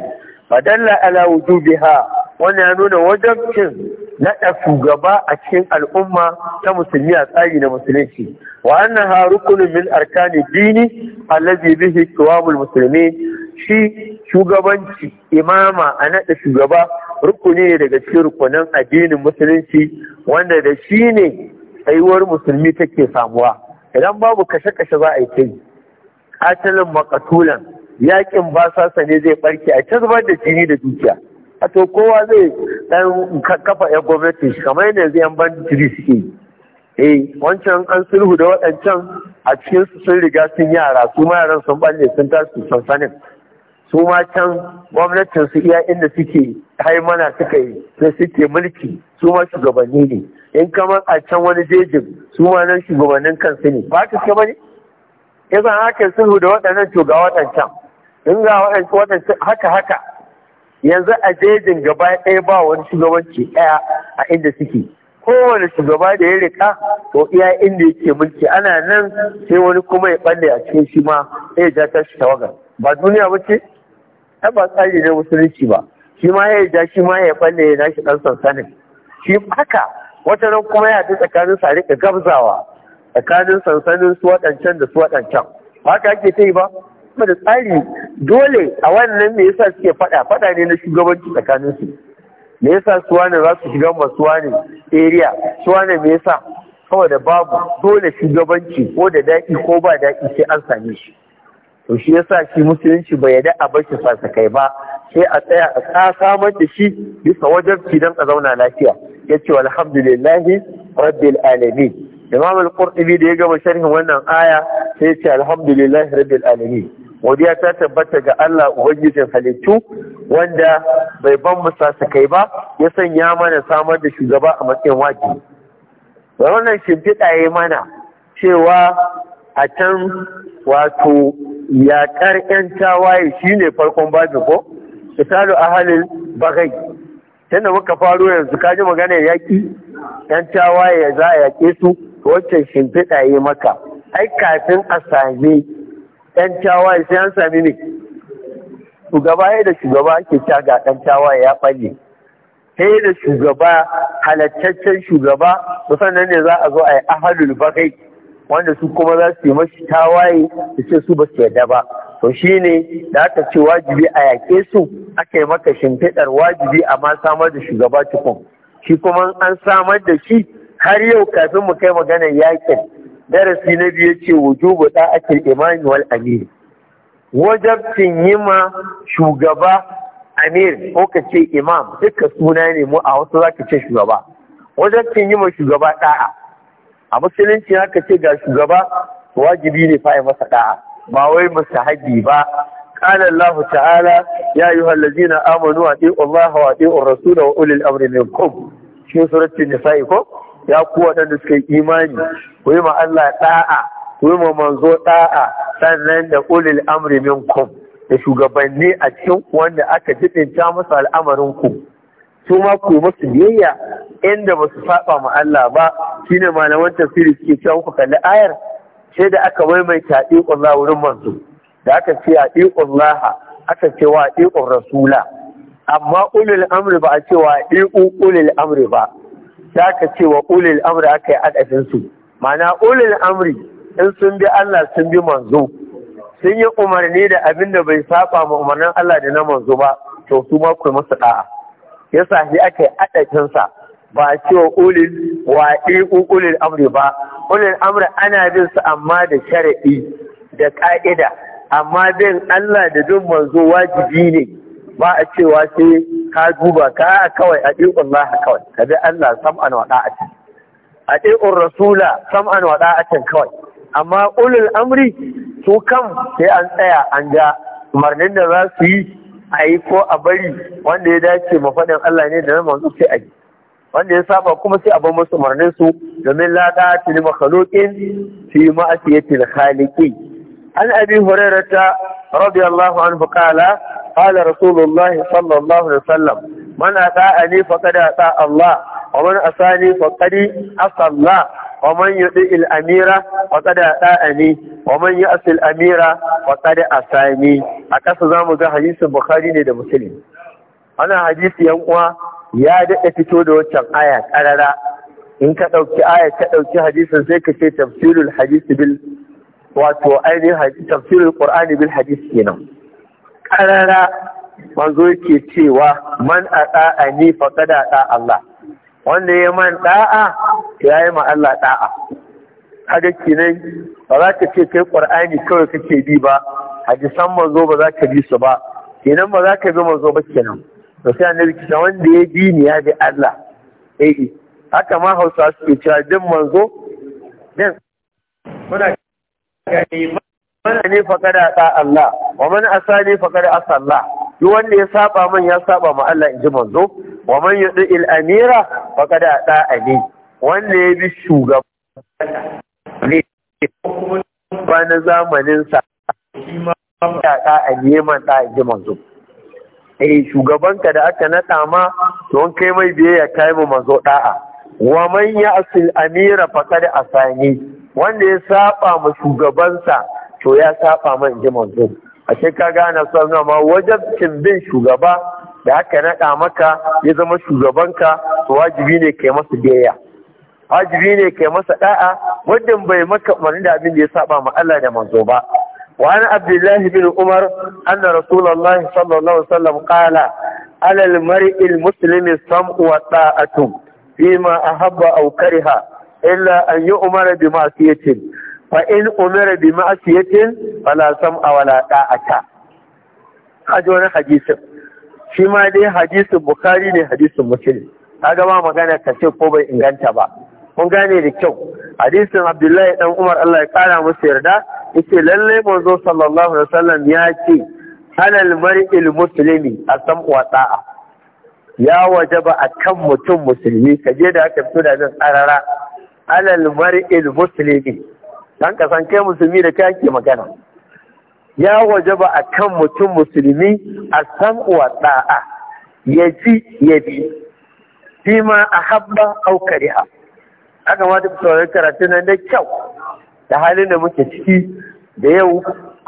badalla ala wujubiha wannan ya nuna wajabcin naɗa shugaba a cikin al'umma ta musulmi a tsari na musulunci wa annaha rukunin min arkani dini allazi bihi qawamul muslimin shi shugabanci imama a naɗa shugaba rukuni ne daga cikin rukunin addinin musulunci wanda da shi ne tsayuwar musulmi take samuwa idan babu kashe-kashe za a yi kai katalin makatulan yakin basasa ne zai barke a ta zubar da jini da dukiya a to kowa zai dan kafa ya gwamnati kamar yadda zai yan banditiri suke eh wancan an sulhu da waɗancan a cikin sun riga sun yara su ma yaran sun balle sun tashi sansanin su ma can gwamnatin su iya inda suke haimana suka yi sai suke mulki su ma shugabanni ne in kamar a can wani jejin su ma nan shugabannin kansu ne ba ka ba ne in san haka sulhu da waɗannan to ga waɗancan in ga waɗancan haka haka yanzu a jejin gaba ɗaya ba wani shugabanci ɗaya a inda suke kowane shugaba da ya rika to iya inda yake mulki ana nan sai wani kuma ya balle a cikin shi ma ya ja ta shi tawaga. ba duniya ba ce ta ba tsari na musulunci ba shi ma ya ja shi ma ya balle ya nashi dan sansanin shi haka wata nan kuma ya ta tsakanin sa rika gabzawa tsakanin sansanin su waɗancan da su waɗancan haka ake ta yi ba kuma da tsari dole a wannan me yasa suke faɗa faɗa ne na shugabanci tsakanin su me yasa suwane za su shiga ma suwane area suwane me yasa da babu dole shugabanci ko da daɗi ko ba daɗi sai an same shi to shi yasa shi musulunci bai yarda a bashi fasakai ba sai a tsaya a tsasamar da shi bisa wajen don a zauna lafiya ya ce alhamdulillahi rabbil alamin imam al-qurtubi da ya gama sharhin wannan aya sai ya ce alhamdulillahi rabbil alamin godiya ta tabbata ga Allah ubangijin halittu wanda bai ban mu kai ba ya sanya mana samar da shugaba a matsayin wajibi da wannan shimfiɗa ya mana cewa a can wato yaƙar 'yan tawaye shi ne farkon babu ko misalu halin bagai Tana muka faro yanzu kaji maganar yaƙi 'yan tawaye za a yaƙe su wacce shimfiɗa ya maka ai kafin a sami 'yan tawaye sai an sami ne shugaba ya shugaba ke ta ga ɗan tawaye ya falle sai da shugaba halattaccen shugaba musamman ne za a zo a yi ahalul bakai wanda su kuma za su yi mashi tawaye da ce su ba su yarda ba to shi ne da aka ce wajibi a yaƙe su aka yi maka shimfiɗar wajibi a ma samar da shugaba tukun shi kuma an samar da shi har yau kafin mu kai maganar yakin darasi na biyu ce wujubu ake imani wal amiri wajabcin yi ma shugaba amir ko ka ce imam duka suna ne mu a wasu za ka ce shugaba wajabcin yi ma shugaba ɗa'a a musulunci haka ce ga shugaba wajibi ne fa'i masa ɗa'a ba wai haɗi ba ta'ala قال الله تعالى يا أيها الذين آمنوا أطيعوا الله وأطيعوا الرسول وأولي nisa'i منكم في سورة النساء يا قوة imani. إيماني ويما الله ɗa'a. ku yi ma manzo ɗa'a sannan da ulil amri minkum da shugabanni a cikin wanda aka jibinta masa al'amarin ku su ma ku masu biyayya inda ba su saba ma Allah ba shine malaman tafsiri suke cewa ku kalli ayar sai da aka maimaita iqullah wurin manzo da aka ce a laha aka ce wa iqur rasula amma ulil amri ba a ce wa iqu ulil amri ba da aka ce wa ulil aka yi adadin su ma'ana ulil amri in sun bi Allah sun bi manzo sun yi umarni da abin da bai saba ma umarnin Allah da na manzo ba to su ma ku musu da'a yasa shi ake adadin sa ba cewa ulil wa ulil amri ba ulil amri ana bin su amma da shar'i da ka'ida amma bin Allah da bin manzo wajibi ne ba a cewa sai ka duba ka kawai a Allah kawai ka bi Allah sam'an wa da'atin a rasula sam'an wa da'atin kawai amma ulul amri su kan sai an tsaya an ja. umarnin da za su yi a yi ko a bari wanda ya dace mafaɗin Allah ne da na manzo sai a yi wanda ya saba kuma sai a bar musu umarnin su domin la ta tuni makhluqin fi ma'asiyatil khaliqi an abi hurairata radiyallahu anhu qala qala rasulullahi sallallahu alaihi wasallam man ata'ani faqad ata Allah wa man asani faqad asalla ومن يطيع الأميرة فقد أطاعني ومن يعصي الأميرة فقد أساني أكاس زامو ذا حديث البخاري ده مسلم أنا حديث يوم ya daɗe fito da waccan aya ƙarara in ka ɗauki aya ka ɗauki hadisin sai ka ce tafsirul hadisi bil wato ainihin tafsirul qur'ani bil hadis kenan ƙarara manzo yake cewa man ata'ani faqad ata Allah wanda ya man da'a ya yi ma Allah da'a kaga kenan ba za ka ce kai qur'ani kawai kake bi ba hadisan manzo ba za ka bi su ba kenan ba za ka bi manzo ba kenan to sai annabi kisa wanda ya bi ni ya bi Allah eh haka ma Hausa suke cewa din manzo din muna mana ne fakada ta Allah wa man asani fakada asalla duk wanda ya saba man ya saba ma Allah in ji manzo wa man yudi il amira fakada ta ani wanda ya bi shugaba na zamaninsa shi ma a neman ɗa a ji manzo eh shugabanka da aka naɗa ma don kai mai biyayya kai mu mazo ɗa'a wa man ya asil amira faqad asani wanda ya saba ma shugabansa to ya saba in ji zo a sai ka gane sunna ma wajabcin bin shugaba da aka naɗa maka ya zama shugabanka to wajibi ne kai masa biyayya wajibi ne kai masa da'a muddin bai maka umarni da abin da ya saba ma Allah da manzo ba wa an abdullahi bin umar anna rasulullahi sallallahu alaihi wasallam qala ala al-mar'i muslimi sam'u wa ta'atu fima ahabba aw kariha illa an yu'mara bi ma'siyatin fa in umira bi ma'siyatin fala sam'a wala ta'ata hajo wani hadisi shi ma dai hadisin bukhari ne hadisin muslim kaga ba magana kace ko bai inganta ba mun gane da kyau hadisin abdullahi dan umar Allah ya kara musu yarda yace lalle manzo sallallahu alaihi wasallam ya ce halal mar'il muslimi asam wa ta'a ya wajaba akan mutum musulmi kaje da aka fito da nan tsarara alal mar'il muslimi dan ka san kai musulmi da kai ake magana ya wajaba akan mutum musulmi asam wa ta'a yaji yaji fima ahabba aw kariha aka mata ku saurari karatu na da kyau da halin da muke ciki da yau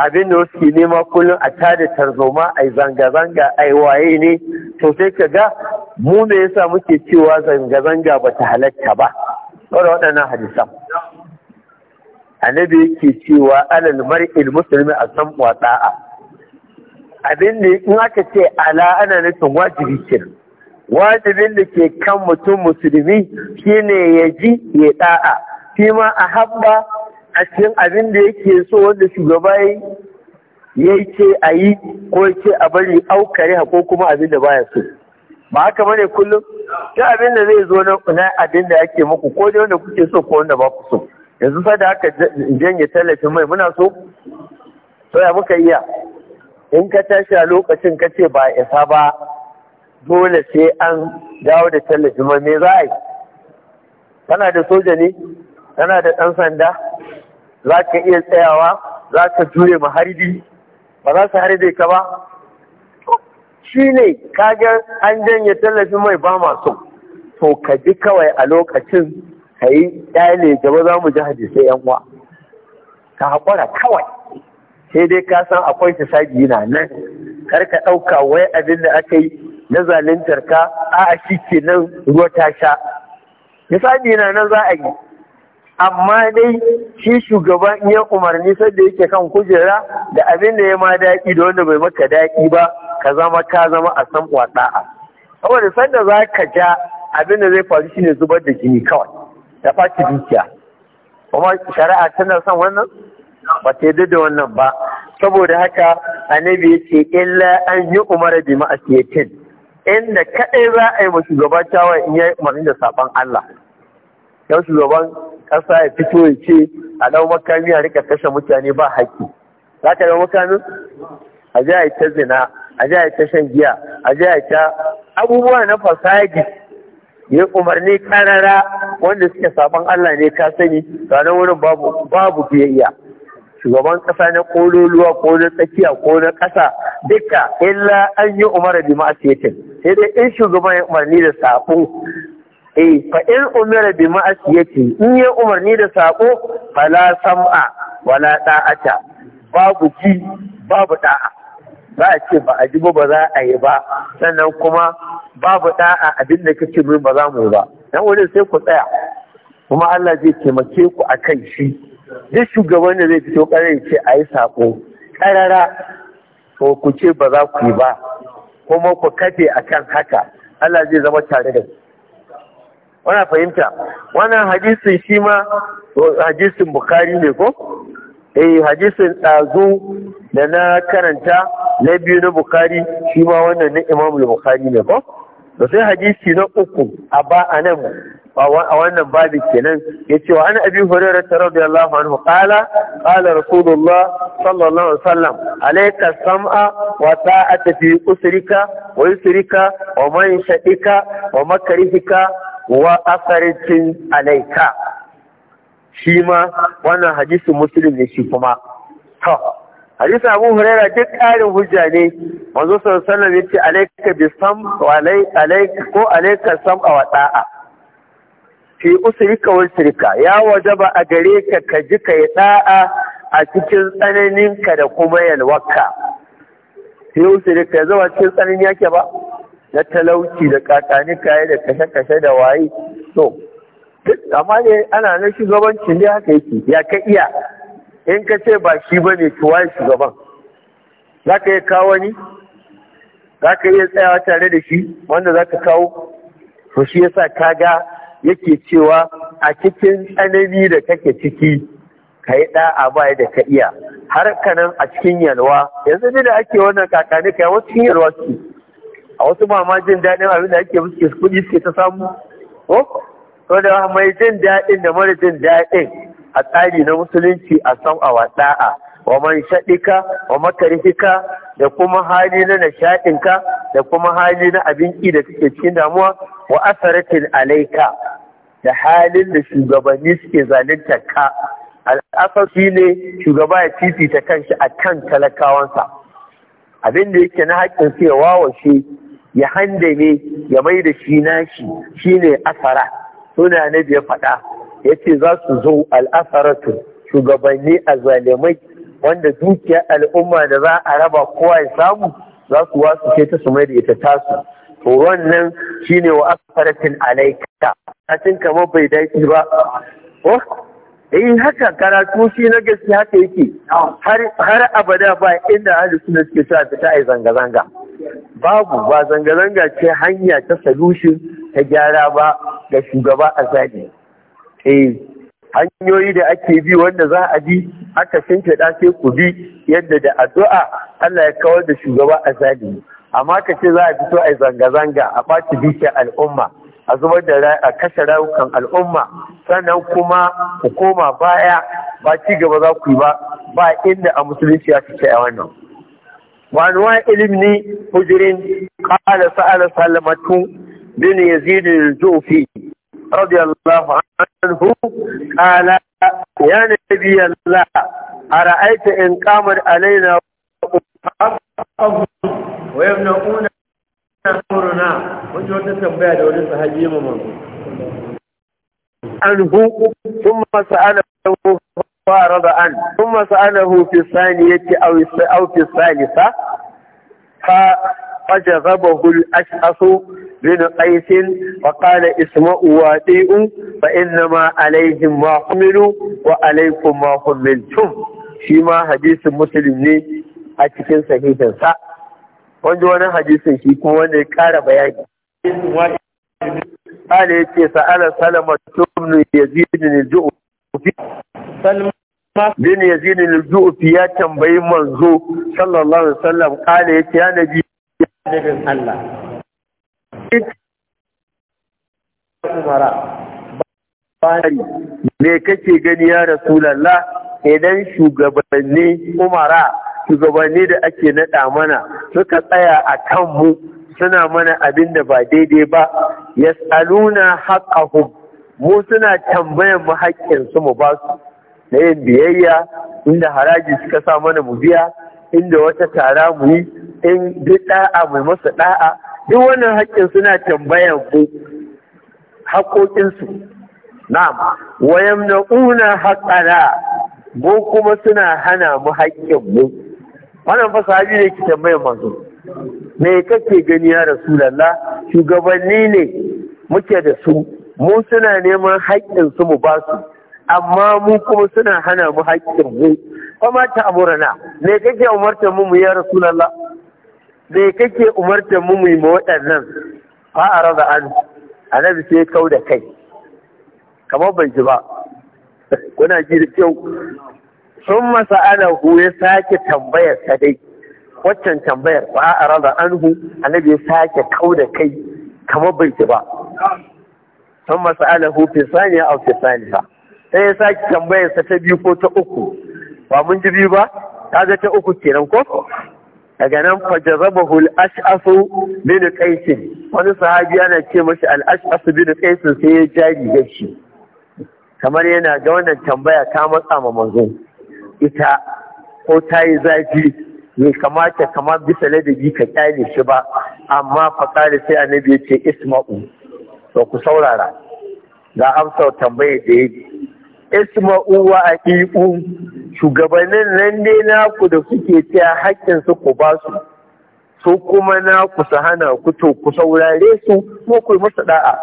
abin da wasu nema kullum a tada tarzoma a yi zanga-zanga a yi waye ne to sai ka ga mu me yasa muke cewa zanga-zanga ba ta halatta ba saboda waɗannan hadisan annabi yake cewa alal mar'il musulmi a san wada'a abin da in aka ce ala ana nufin wajibi kenan wajibin da ke kan mutum musulmi shine ya ji ya da'a shi ma a habba a cikin abin da yake so wanda shugaba ya yi ce a yi ko ya ce a bari aukari ko kuma abin da baya so ba haka bane kullum ta abin da zai zo na abin da ake muku ko dai wanda kuke so ko wanda ba ku so yanzu fa da haka janye tallafin mai muna so Soya ya muka iya in ka tashi a lokacin ka ce ba isa ba dole sai an dawo da tallafi ma me za a yi kana da soja ne kana da ɗan sanda za ka iya tsayawa za ka jure ma haribi ba za su harbe ka ba shi ne kaga an janye tallafi mai ba masu to ka ji kawai a lokacin ka yi ne, gaba za mu ji hadisai yan uwa ka haƙura kawai sai dai ka san akwai ta sagi na nan kar ka ɗauka wai abin da aka yi na zaluntar ka a shi ke nan ruwa ta sha misali na nan za a yi amma dai shi shugaban iya ya umarni sadda yake kan kujera da abin da ya ma daɗi da wanda bai maka daɗi ba ka zama ka zama a san ɗa'a saboda sanda za ka ja abin da zai faru shine zubar da jini kawai da faci dukiya kuma shari'a tana son wannan ba ta yadda da wannan ba saboda haka annabi ya ce illa an yi umara bi ma'asiyatin inda kaɗai za a yi wa shugaban cewa in ya yi umarni da saɓan Allah. Yau shugaban ƙasa ya fito ya ce a ɗau makami a rika kashe mutane ba haƙƙi. Za ka ɗau makamin? A ji a yi ta zina, a ji a yi ta shan giya, a ji a yi ta abubuwa na fasadi. Ya yi umarni karara wanda suke sabon Allah ne ka sani, ranar wurin babu biyayya. shugaban kasa na kololuwa ko na tsakiya ko na ƙasa duka illa an yi umara bi ma'asiyatin sai dai in shugaban ya umarni da sabo eh fa in umara bi ma'asiyati in ya umarni da sabo fala sam'a wala da'ata babu ji babu da'a ba a ce ba a ji ba za a yi ba sannan kuma babu da'a abin da kake min ba za mu ba dan wani sai ku tsaya kuma Allah zai taimake ku akan shi duk shugaban da zai fito ƙarar ce a yi saƙo ƙarara ko ku ce ba za ku yi ba kuma ku kafe a kan haka Allah zai zama tare da wana fahimta wannan hadisin shi ma hadisin bukari ne ko eh hadisin ɗazu da na karanta na biyu na bukari shi ma wannan na imamul bukari ne ko da sai hadisi na uku a ba a nan a wannan babin kenan ya ce wa an abi hurairar ta rabbi Allah anhu qala qala rasulullah sallallahu alaihi wasallam alayka sam'a wa ta'ata fi usrika wa yusrika wa man shadika wa makrihika wa alaika shi ma wannan hadisi muslim ne shi kuma to hadisi abu huraira duk ƙarin hujja ne manzo sallallahu alaihi wasallam yace alayka bi sam wa alayka ko alayka sam'a wa ta'a fi usrika wa sirka ya wajaba a gare ka ka ji yi da'a a cikin tsananin ka da kuma yalwaka fi usrika zama cikin tsananin yake ba na talauci da kakani kaye da kashe-kashe da waye So? amma ne ana na cin ne haka yake ya ka iya in ka ce ba shi ba ne tuwa shugaban za ka iya kawo wani za ka iya tsayawa tare da shi wanda za ka kawo to shi yasa ka ga yake cewa a cikin tsanani da kake ciki ka yi ɗa'a ba da ka iya har kanan a cikin yalwa yanzu ne da ake wannan kakani kai wasu cikin yalwa su a wasu mama, jin daɗin abin da ake musu kuɗi suke ta samu ko da mai jin daɗin da mara jin daɗin a tsari na musulunci a san a ɗa'a wa man shaɗika wa makarfika da kuma hali na nishaɗinka da kuma hali na abinci da suke cikin damuwa wa asaratin alaika da halin da shugabanni suke zalunta ka al'asar shi ne shugaba ya fifita kanshi a kan talakawansa abin da yake na haƙƙin sai wawashe ya handame ya mai da shi nashi shi ne asara suna na biya faɗa ya ce za su zo al'asaratu shugabanni a zalimai wanda dukiyar al'umma da za a raba kowa ya samu za su wasu ce ta su mai da ita tasu to wannan shine wa asfaratin alaika cin kama bai dace ba oh eh haka karatu shi na gaske haka yake har abada ba inda ahli suna suke sa fita yi zanga zanga babu ba zanga zanga ce hanya ta salushin ta gyara ba ga shugaba a eh hanyoyi da ake bi wanda za a bi aka shimfiɗa sai ku bi yadda da addu'a Allah ya kawar da shugaba a zalimi amma ka ce za a fito a zanga-zanga a ɓaci dukiyar al'umma a zubar da a kashe rayukan al'umma sannan kuma ku koma baya ba ci gaba za ku yi ba ba inda a musulunci ya fice a wannan wani wani ilimi hujirin ƙala sa'ala salamatu bin yazidin zofi radiyallahu anhu عنه قال يا نبي الله أرأيت إن قامت علينا ويمنعون أمرنا وجهة تنبيه دولة هجيم منه عنه ثم سأله فارض عنه ثم سأله في الثانية أو أو في الثالثة فجذبه الأشخاص بن قيس wa اسم isma'u wa عليهم ما حملوا وعليكم ma حملتم فيما حديث مسلم hadisin ne a cikin sahihin sa wanda wani hadisin shi kuma wanda ya kara bayani قال يتي سأل سلمة بن يزيد الجؤفي سلمة بن يزيد الجؤفي يا تنبي منزو صلى الله عليه وسلم قال يتي يا نبي الله umara me kake gani ya rasulalla idan shugabanni umara shugabanni da ake naɗa mana suka tsaya a kanmu suna mana abin da ba daidai ba yas'aluna haqqahum mu suna tambayan mu haƙƙin su mu ba su na yin biyayya inda haraji suka sa mana mu biya inda wata tara mu yi in duk ɗa'a mai masa da'a duk wannan haƙƙin suna tambayan ku haƙoƙinsu na'am na una haqqana mu kuma suna hana mu haƙƙin mu wannan fa sahabi ne ki tambayan manzo me kake gani ya rasulullah shugabanni ne muke da su mu suna neman haƙƙin su mu ba su amma mu kuma suna hana mu haƙƙin mu kuma ta amurana me kake umartar mu mu ya rasulullah ya kake umartar mu mu yi ma waɗannan fa a raba an annabi sai kau da kai kamar bai ji ba kuna ji da kyau sun masa ana ya sake tambayar sa dai waccan tambayar fa a raba anhu annabi ya sake kau da kai kamar bai ji ba sun masa anahu fi saniya a fi saniya sai ya sake tambayar sa ta biyu ko ta uku ba mun ji biyu ba ga ta uku kenan ko daga nan fajazabahu al-ash'afu bin kaisin wani sahabi yana ce mashi al-ash'afu bin sai ya jari da shi kamar yana ga wannan tambaya ta matsa ma manzo ita ko ta yi zafi bai kamata kamar bisa ladabi ka kyale shi ba amma fakari sai annabi ya ce isma'u to ku saurara ga amsa tambayar da yake isma'u wa aqiqu shugabannin nan dai naku da suke cewa hakkin su ku ba su su kuma naku su hana ku to ku saurare su ko ku musu da'a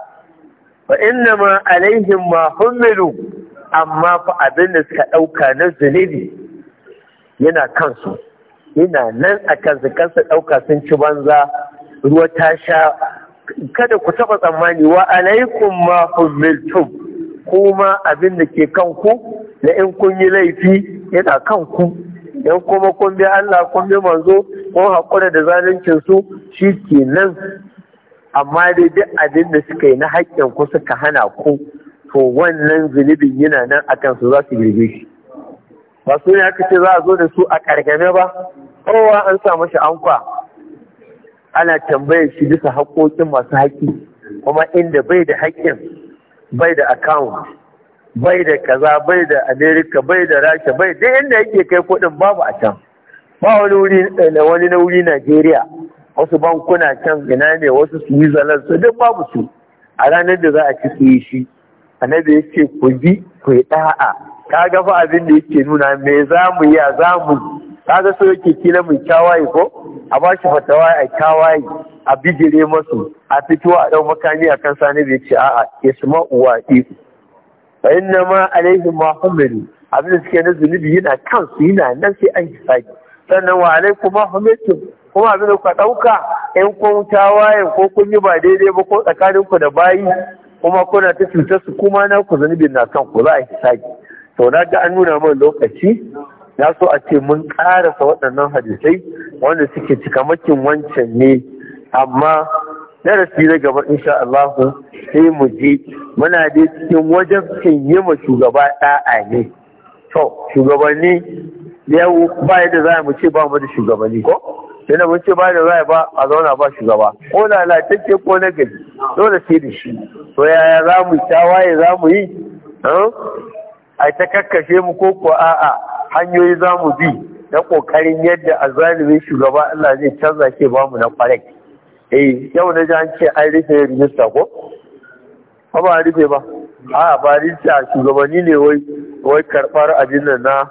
fa inna ma alaihim ma humilu amma fa abin da suka dauka na zunubi yana kansu yana nan a kansu kansu dauka sun ci banza ruwa ta sha kada ku taba tsammani wa alaikum ma humiltum kuma abin da ke kanku na in kun yi laifi yana kan ku yan kuma kun bi Allah kun bi manzo kun haƙura da zaluncin su shi kenan amma dai duk abin da suka yi na haƙƙin ku suka hana ku to wannan zunubin yana nan a kansu za su girbe shi ba su ne aka ce za a zo da su a ƙargame ba kowa an sa mashi anka, ana tambayar shi bisa haƙoƙin masu haƙƙi kuma inda bai da haƙƙin bai da akawun bai da kaza bai da amerika bai da rasha bai duk inda yake kai kuɗin babu a can ba wani wuri na eh, wani na wuri najeriya wasu bankuna can ina ne wasu switzerland su duk babu su a ranar da za a ci su yi shi annabi ya ce ku bi ku yi ɗa'a ka fa abin da yake nuna me za mu yi a za mu ka ga so yake kila mu kyawaye ko a ba shi fatawa a kyawaye a bijire masu a fito a ɗau makami a kan sani da ya ce a'a ya uwa iku fa ma alaihi ma humilu abin suke na zunubi yana kansu yana nan sai an hisabi sannan wa alaikum ma kuma abin da kuka ɗauka in kun tawayen ko kun yi ba daidai ba ko tsakanin ku da bayi kuma kuna ta cutar su kuma na ku zunubi na kan ku za a hisabi to na ga an nuna min lokaci na so a ce mun karasa waɗannan hadisai wanda suke cika makin wancan ne amma darasi na gaba insha Allah sai mu je muna da cikin wajen yi ma shugaba da'a ne to shugabanni yau ba yadda za mu ce ba mu da shugabanni ko sai na mun ce ba da za ba a zauna ba shugaba ko lalatacce ko na gari dole sai da shi to yaya za mu tawaye za mu yi a ta kakkashe mu ko ko a'a hanyoyi za mu bi na kokarin yadda a shugaba Allah zai canza ke ba mu na kwarai eh yau ne ji an ce an rufe rijista ko ba ba rufe ba a ba rijista shugabanni ne wai wai karɓar abin nan na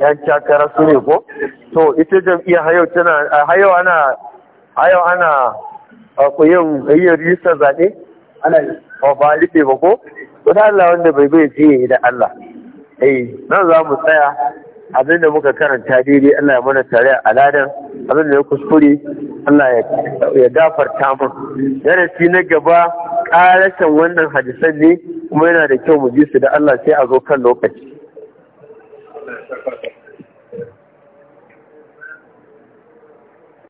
yan takara su ne ko to ita jam'iyyar hayau tana hayau ana hayau ana a koyon yin rijistar zaɓe ana ba rufe ba ko wata Allah wanda bai bai je da Allah eh nan za mu tsaya abin da muka karanta daidai Allah ya mana tare a ladan abin da ya kuskure Allah ya gafarta mu darasi na gaba karashin wannan hadisan ne kuma yana da kyau mu ji su da Allah sai a zo kan lokaci